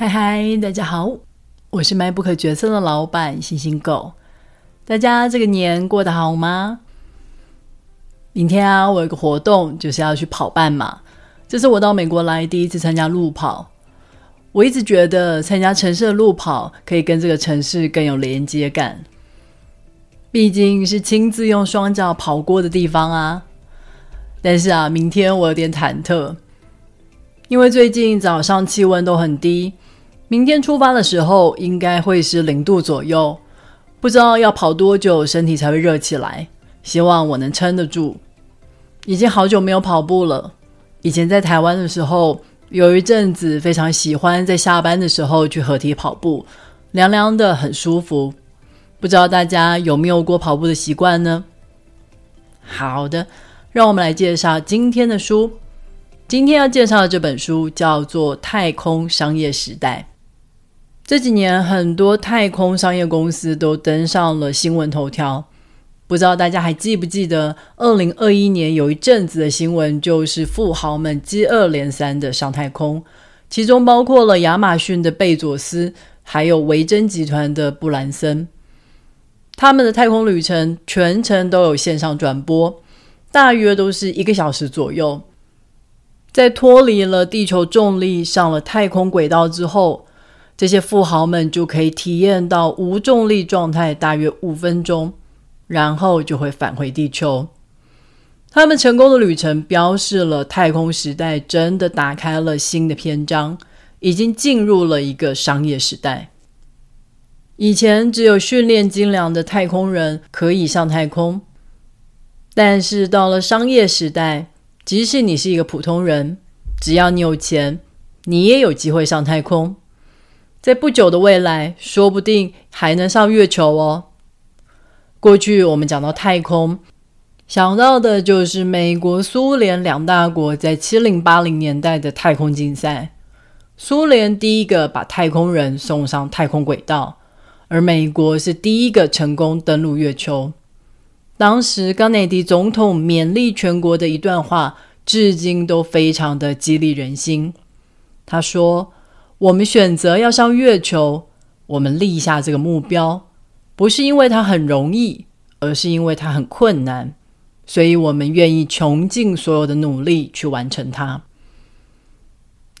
嗨嗨，大家好，我是賣不可角色的老板星星狗。大家這個年過得好嗎？明天啊，我有個活動，就是要去跑半馬。這是我到美國來第一次參加路跑。我一直覺得參加城市的路跑可以跟這個城市更有連接感，畢竟是親自用雙腳跑過的地方啊。但是啊，明天我有點忐忑，因為最近早上氣溫都很低。明天出發的時候應該會是零度左右，不知道要跑多久身體才會熱起來。希望我能撐得住。已經好久沒有跑步了。以前在台灣的時候，有一陣子非常喜歡在下班的時候去河堤跑步，涼涼的很舒服。不知道大家有沒有過跑步的習慣呢？好的，讓我們來介紹今天的書。今天要介紹的這本書叫做《太空商業時代》。這幾年，很多太空商業公司都登上了新聞頭條。不知道大家還記不記得，二零二一年有一陣子的新聞，就是富豪們接二連三的上太空，其中包括了亞馬遜的貝佐斯，還有維珍集團的布蘭森。他們的太空旅程全程都有線上轉播，大約都是一個小時左右。在脫離了地球重力，上了太空軌道之後。這些富豪們就可以體驗到無重力狀態大約五分鐘，然後就會返回地球。他們成功的旅程標示了太空時代真的打開了新的篇章，已經進入了一個商業時代。以前只有訓練精良的太空人可以上太空，但是到了商業時代，即使你是一個普通人，只要你有錢，你也有機會上太空。在不久的未來，說不定還能上月球哦。過去我們講到太空，想到的就是美國、蘇聯兩大國在七零八零年代的太空競賽。蘇聯第一個把太空人送上太空軌道，而美國是第一個成功登陸月球。當時，甘迺迪總統勉勵全國的一段話，至今都非常的激勵人心。他說。我們選擇要上月球，我們立下這個目標，不是因為它很容易，而是因為它很困難，所以我們願意窮盡所有的努力去完成它。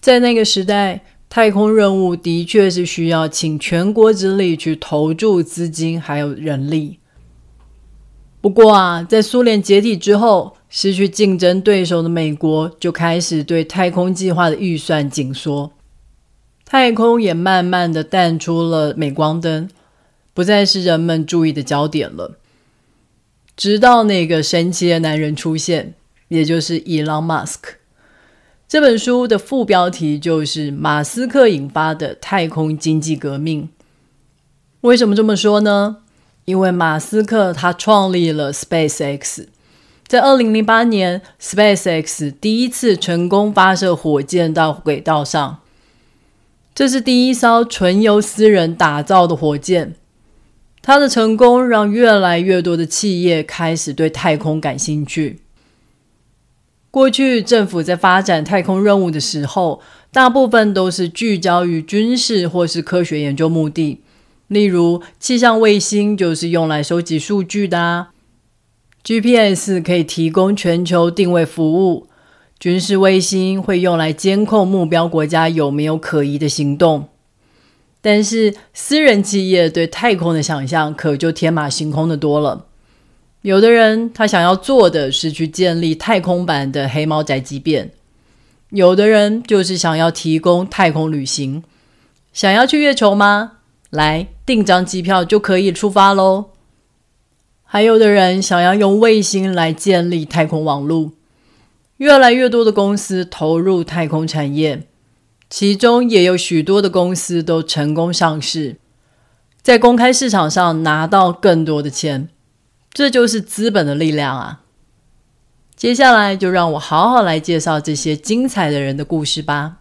在那個時代，太空任務的確是需要傾全國之力去投注資金還有人力。不過啊，在蘇聯解體之後，失去競爭對手的美國就開始對太空計劃的預算緊縮。太空也慢慢的淡出了鎂光燈，不再是人們注意的焦點了。直到那個神奇的男人出現，也就是 Elon Musk。這本書的副標題就是“馬斯克引發的太空經濟革命”。為什麼這麼說呢？因為馬斯克他創立了 SpaceX，在二零零八年，SpaceX 第一次成功發射火箭到軌道上。這是第一艘純由私人打造的火箭，它的成功讓越來越多的企業開始對太空感興趣。過去，政府在發展太空任務的時候，大部分都是聚焦於軍事或是科學研究目的，例如氣象衛星就是用來收集數據的，啊，GPS 可以提供全球定位服務。軍事衛星會用來監控目標國家有沒有可疑的行動，但是私人企業對太空的想象可就天馬行空的多了。有的人他想要做的是去建立太空版的黑貓宅急便，有的人就是想要提供太空旅行。想要去月球嗎？來訂張機票就可以出發嘍。還有的人想要用衛星來建立太空網路。越來越多的公司投入太空產業，其中也有許多的公司都成功上市，在公開市場上拿到更多的錢，這就是資本的力量啊！接下來就讓我好好來介紹這些精彩的人的故事吧。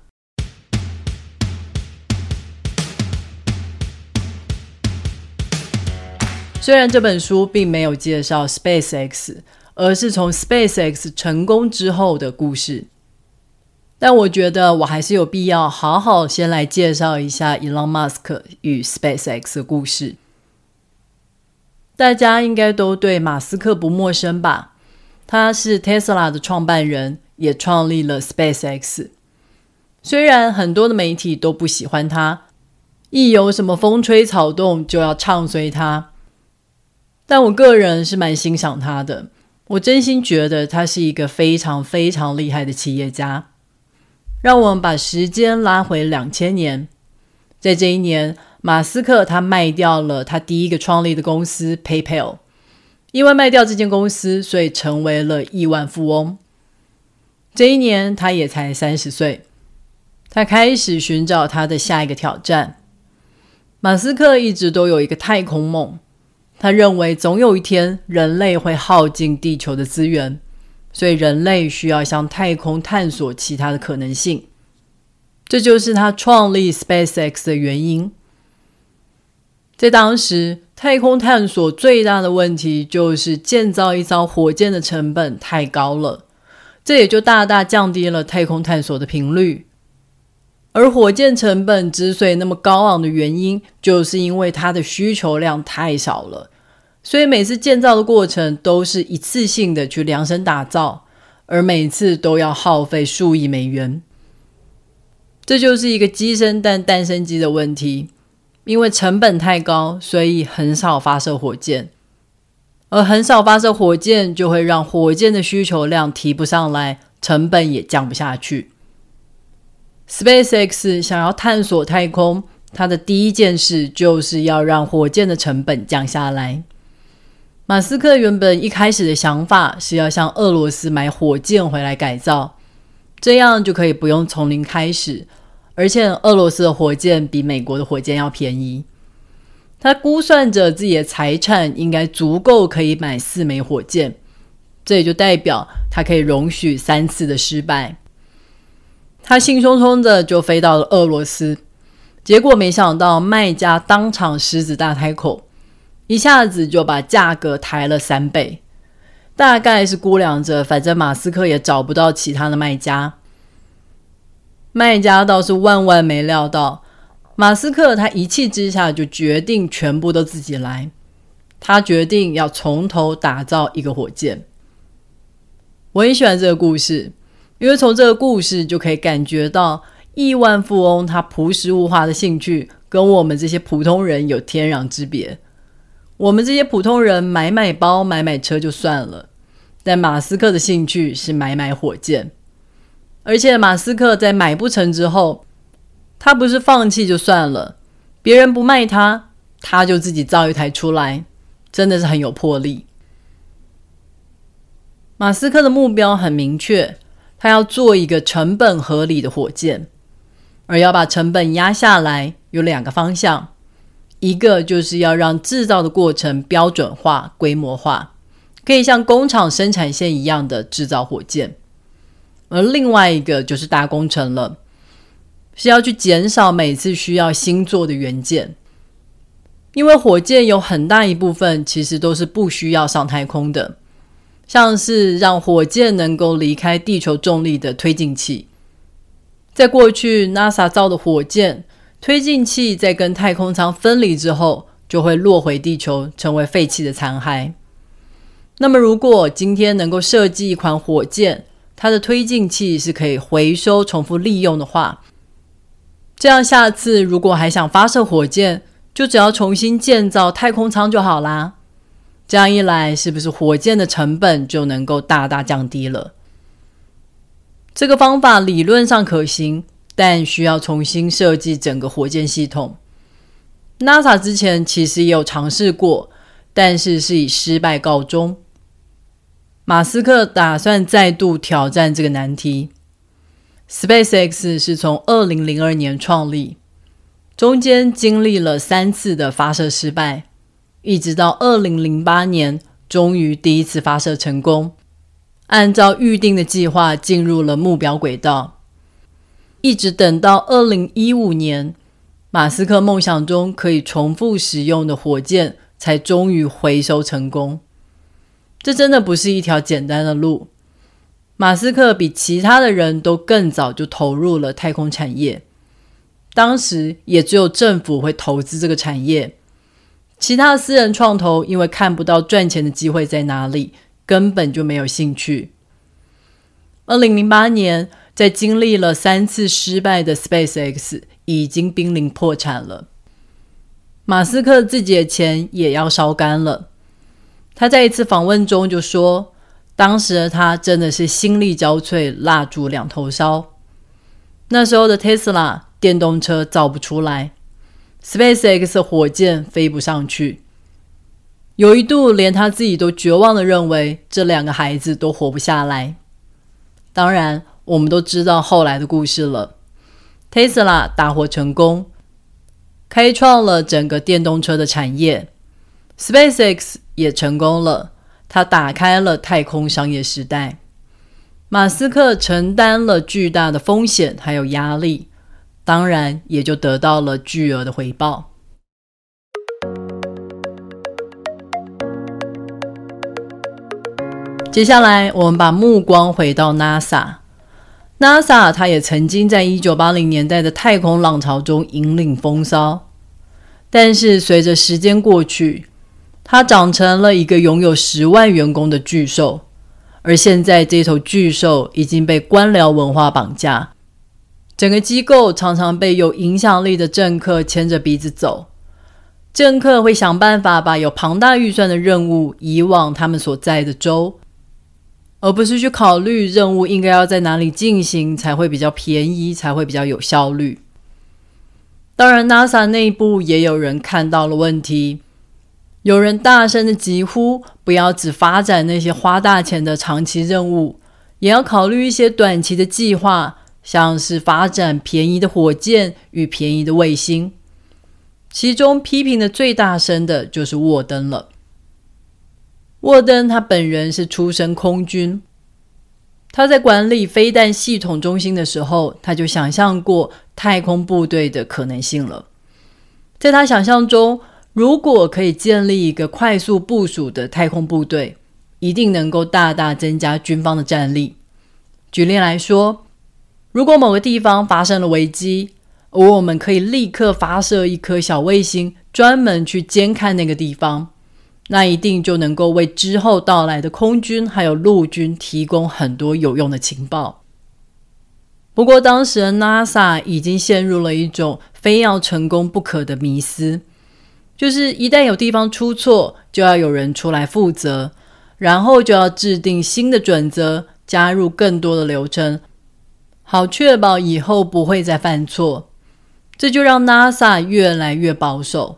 雖然這本書並沒有介紹 SpaceX。而是從 SpaceX 成功之後的故事，但我覺得我還是有必要好好先來介紹一下 Elon Musk 與 SpaceX 的故事。大家應該都對馬斯克不陌生吧？他是 Tesla 的創辦人，也創立了 SpaceX。雖然很多的媒體都不喜歡他，一有什麼風吹草動就要唱衰他，但我個人是蠻欣賞他的。我真心覺得他是一個非常非常厲害的企業家。讓我們把時間拉回兩千年，在這一年，馬斯克他賣掉了他第一個創立的公司 PayPal，因為賣掉這間公司，所以成為了億萬富翁。這一年，他也才三十歲，他開始尋找他的下一個挑戰。馬斯克一直都有一個太空夢。他認為總有一天人類會耗盡地球的資源，所以人類需要向太空探索其他的可能性。這就是他創立 SpaceX 的原因。在當時，太空探索最大的問題就是建造一艘火箭的成本太高了，這也就大大降低了太空探索的頻率。而火箭成本之所以那麼高昂的原因，就是因為它的需求量太少了，所以每次建造的過程都是一次性的去量身打造，而每次都要耗費數億美元。這就是一個雞生蛋蛋生雞的問題，因為成本太高，所以很少發射火箭，而很少發射火箭就會讓火箭的需求量提不上來，成本也降不下去。SpaceX 想要探索太空，它的第一件事就是要讓火箭的成本降下來。馬斯克原本一開始的想法是要向俄羅斯買火箭回來改造，這樣就可以不用從零開始，而且俄羅斯的火箭比美國的火箭要便宜。他估算着自己的財產應該足夠可以買四枚火箭，這也就代表他可以容許三次的失敗。他興沖沖的就飛到了俄羅斯，結果沒想到賣家當場獅子大開口，一下子就把價格抬了三倍。大概是估量着，反正馬斯克也找不到其他的賣家，賣家倒是萬萬沒料到，馬斯克他一氣之下就決定全部都自己來。他決定要從頭打造一個火箭。我很喜歡這個故事。因為從這個故事就可以感覺到億萬富翁他樸實無華的興趣跟我們這些普通人有天壤之別。我們這些普通人買買包、買買車就算了，但馬斯克的興趣是買買火箭。而且馬斯克在買不成之後，他不是放棄就算了，別人不賣他，他就自己造一台出來，真的是很有魄力。馬斯克的目標很明確。他要做一個成本合理的火箭，而要把成本壓下來，有兩個方向：一個就是要讓製造的過程標準化、規模化，可以像工廠生產線一樣的製造火箭；而另外一個就是大工程了，是要去減少每次需要新做的元件，因為火箭有很大一部分其實都是不需要上太空的。像是讓火箭能夠離開地球重力的推進器，在過去，NASA 造的火箭推進器在跟太空艙分離之後，就會落回地球，成為廢棄的殘骸。那麼，如果今天能夠設計一款火箭，它的推進器是可以回收、重複利用的話，這樣下次如果還想發射火箭，就只要重新建造太空艙就好啦。這樣一來，是不是火箭的成本就能夠大大降低了？這個方法理論上可行，但需要重新設計整個火箭系統。NASA 之前其實也有嘗試過，但是是以失敗告終。馬斯克打算再度挑戰這個難題。SpaceX 是從二零零二年創立，中間經歷了三次的發射失敗。一直到二零零八年，終於第一次發射成功，按照預定的計劃進入了目標軌道。一直等到二零一五年，馬斯克夢想中可以重複使用的火箭才終於回收成功。這真的不是一條簡單的路。馬斯克比其他的人都更早就投入了太空產業，當時也只有政府會投資這個產業。其他私人創投因為看不到賺錢的機會在哪裡，根本就沒有興趣。二零零八年，在經歷了三次失敗的 SpaceX 已經瀕臨破產了，馬斯克自己的錢也要燒乾了。他在一次訪問中就說：“當時的他真的是心力交瘁，蠟燭兩頭燒。那時候的 Tesla 電動車造不出來。” SpaceX 的火箭飛不上去，有一度連他自己都絕望的認為這兩個孩子都活不下來。當然，我們都知道後來的故事了。Tesla 大獲成功，開創了整個電動車的產業。SpaceX 也成功了，它打開了太空商業時代。馬斯克承擔了巨大的風險還有壓力。當然，也就得到了巨額的回報。接下來，我們把目光回到 NASA。NASA 它也曾經在一九八零年代的太空浪潮中引領風騷，但是隨着時間過去，它長成了一個擁有十萬員工的巨獸，而現在這頭巨獸已經被官僚文化綁架。整個機構常常被有影響力的政客牽着鼻子走，政客會想辦法把有龐大預算的任務移往他們所在的州，而不是去考慮任務應該要在哪裡進行才會比較便宜，才會比較有效率。當然，NASA 內部也有人看到了問題，有人大聲的疾呼：不要只發展那些花大錢的長期任務，也要考慮一些短期的計劃。像是發展便宜的火箭與便宜的衛星，其中批評的最大聲的就是沃登了。沃登他本人是出身空軍，他在管理飛彈系統中心的時候，他就想象過太空部隊的可能性了。在他想象中，如果可以建立一個快速部署的太空部隊，一定能夠大大增加軍方的戰力。舉例來說，如果某個地方發生了危機，而我們可以立刻發射一顆小衛星，專門去監看那個地方，那一定就能夠為之後到來的空軍還有陸軍提供很多有用的情報。不過，當時 NASA 已經陷入了一種非要成功不可的迷思，就是一旦有地方出錯，就要有人出來負責，然後就要制定新的準則，加入更多的流程。好，確保以後不會再犯錯，這就讓 NASA 越來越保守。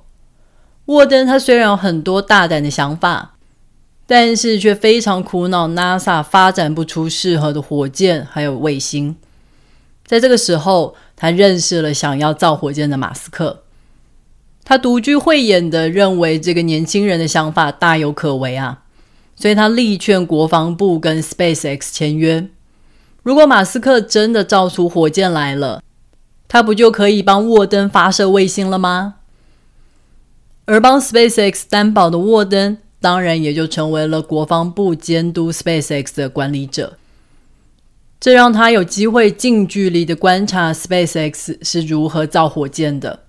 沃登他雖然有很多大膽的想法，但是卻非常苦惱 NASA 發展不出適合的火箭還有衛星。在這個時候，他認識了想要造火箭的馬斯克，他獨具慧眼的認為這個年輕人的想法大有可為啊，所以他力勸國防部跟 SpaceX 簽約。如果馬斯克真的造出火箭來了，他不就可以幫沃登發射衛星了嗎？而幫 SpaceX 擔保的沃登，當然也就成為了國防部監督 SpaceX 的管理者。這讓他有機會近距離的觀察 SpaceX 是如何造火箭的。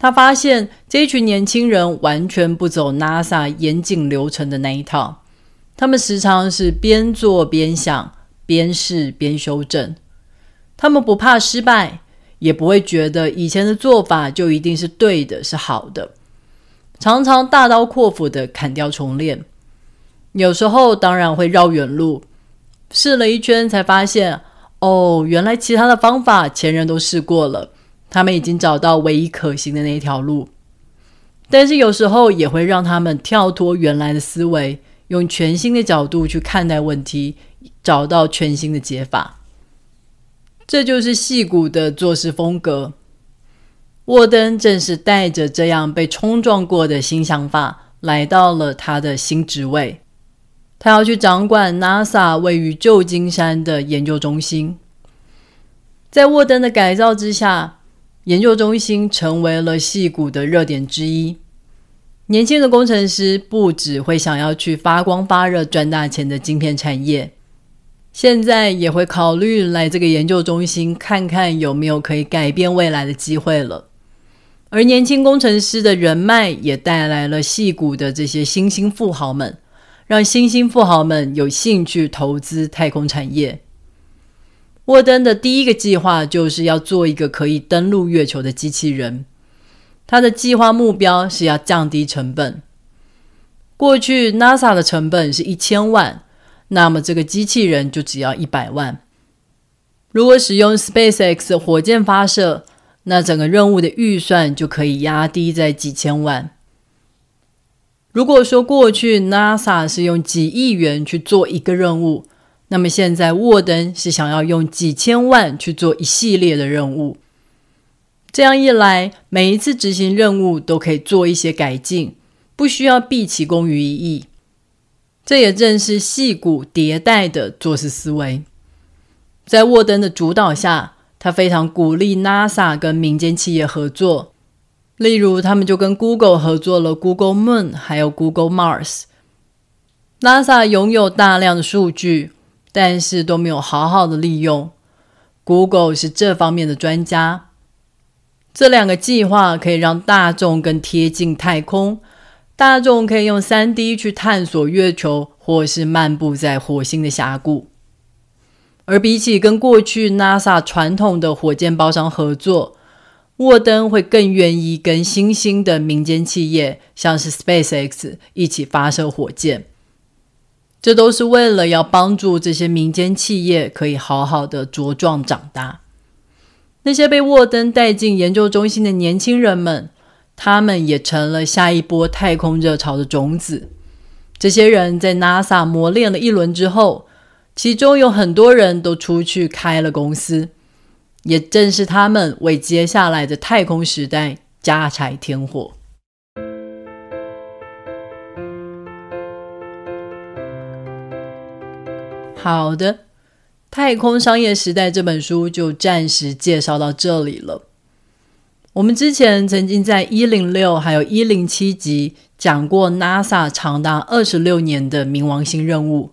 他發現這一群年輕人完全不走 NASA 嚴謹流程的那一套，他們時常是邊做邊想。邊試邊修正，他們不怕失敗，也不會覺得以前的做法就一定是對的、是好的。常常大刀闊斧的砍掉重練，有時候當然會繞遠路，試了一圈才發現，哦，原來其他的方法前人都試過了，他們已經找到唯一可行的那條路。但是有時候也會讓他們跳脫原來的思維，用全新的角度去看待問題。找到全新的解法，這就是矽谷的做事風格。沃登正是帶着這樣被衝撞過的新想法，來到了他的新職位。他要去掌管 NASA 位於舊金山的研究中心。在沃登的改造之下，研究中心成為了矽谷的熱點之一。年輕的工程師不只會想要去發光發熱賺大錢的晶片產業。現在也會考慮來這個研究中心看看有沒有可以改變未來的機會了。而年輕工程師的人脈也帶來了矽谷的這些新興富豪們，讓新興富豪們有興趣投資太空產業。沃登的第一個計劃就是要做一個可以登陸月球的機器人。他的計劃目標是要降低成本。過去 NASA 的成本是一千萬。那麼這個機器人就只要一百萬。如果使用 SpaceX 火箭發射，那整個任務的預算就可以壓低在幾千萬。如果說過去 NASA 是用幾億元去做一個任務，那麼現在沃登是想要用幾千萬去做一系列的任務。這樣一來，每一次執行任務都可以做一些改進，不需要畢其功於一役。這也正是矽谷迭代的做事思維。在沃登的主導下，他非常鼓勵 NASA 跟民間企業合作。例如，他們就跟 Google 合作了 Google Moon，還有 Google Mars。NASA 擁有大量的數據，但是都沒有好好的利用。Google 是這方面的專家。這兩個計劃可以讓大眾更貼近太空。大眾可以用 3D 去探索月球，或是漫步在火星的峽谷。而比起跟過去 NASA 傳統的火箭包商合作，沃登會更願意跟新興的民間企業，像是 SpaceX 一起發射火箭。這都是為了要幫助這些民間企業可以好好的茁壯長大。那些被沃登帶進研究中心的年輕人們。他們也成了下一波太空熱潮的種子。這些人在 NASA 磨練了一輪之後，其中有很多人都出去開了公司。也正是他們為接下來的太空時代加柴添火。好的，太空商業時代這本書就暫時介紹到這裡了。我們之前曾經在一零六還有一零七集講過 NASA 長達二十六年的冥王星任務，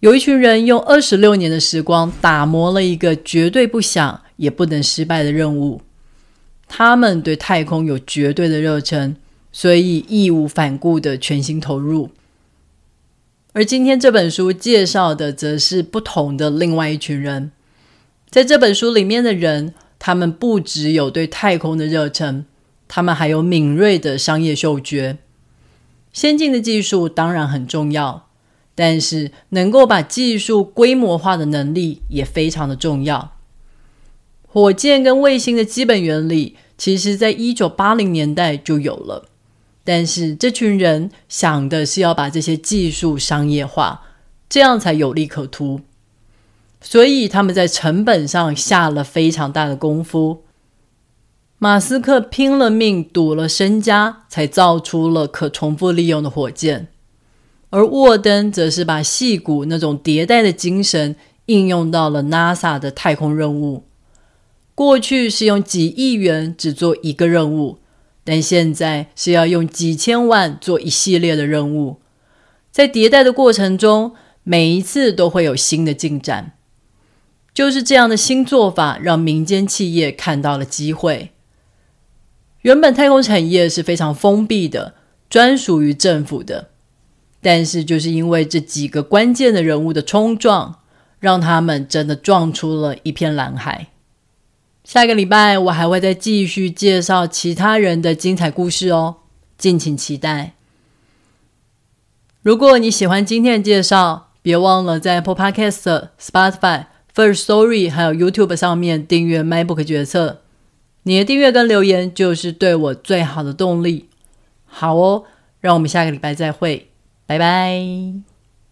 有一群人用二十六年的時光打磨了一個絕對不想也不能失敗的任務。他們對太空有絕對的熱忱，所以義無反顧的全心投入。而今天這本書介紹的則是不同的另外一群人，在這本書裡面的人。他們不只有對太空的熱忱，他們還有敏銳的商業嗅覺。先進的技術當然很重要，但是能夠把技術規模化的能力也非常的重要。火箭跟衛星的基本原理，其實在一九八零年代就有了，但是這群人想的是要把這些技術商業化，這樣才有利可圖。所以他們在成本上下了非常大的功夫。馬斯克拼了命、賭了身家，才造出了可重複利用的火箭；而沃登則是把矽谷那種迭代的精神應用到了 NASA 的太空任務。過去是用幾億元只做一個任務，但現在是要用幾千萬做一系列的任務。在迭代的過程中，每一次都會有新的進展。就是這樣的新做法，讓民間企業看到了機會。原本太空產業是非常封閉的，專屬於政府的。但是，就是因為這幾個關鍵的人物的衝撞，讓他們真的撞出了一片藍海。下個禮拜，我還會再繼續介紹其他人的精彩故事哦，敬請期待。如果你喜歡今天的介紹，別忘了在 Apple Podcast、Spotify。First Story，還有 YouTube 上面訂閱 MyBook 決策，你的訂閱跟留言就是對我最好的動力。好哦，讓我們下個禮拜再會，拜拜。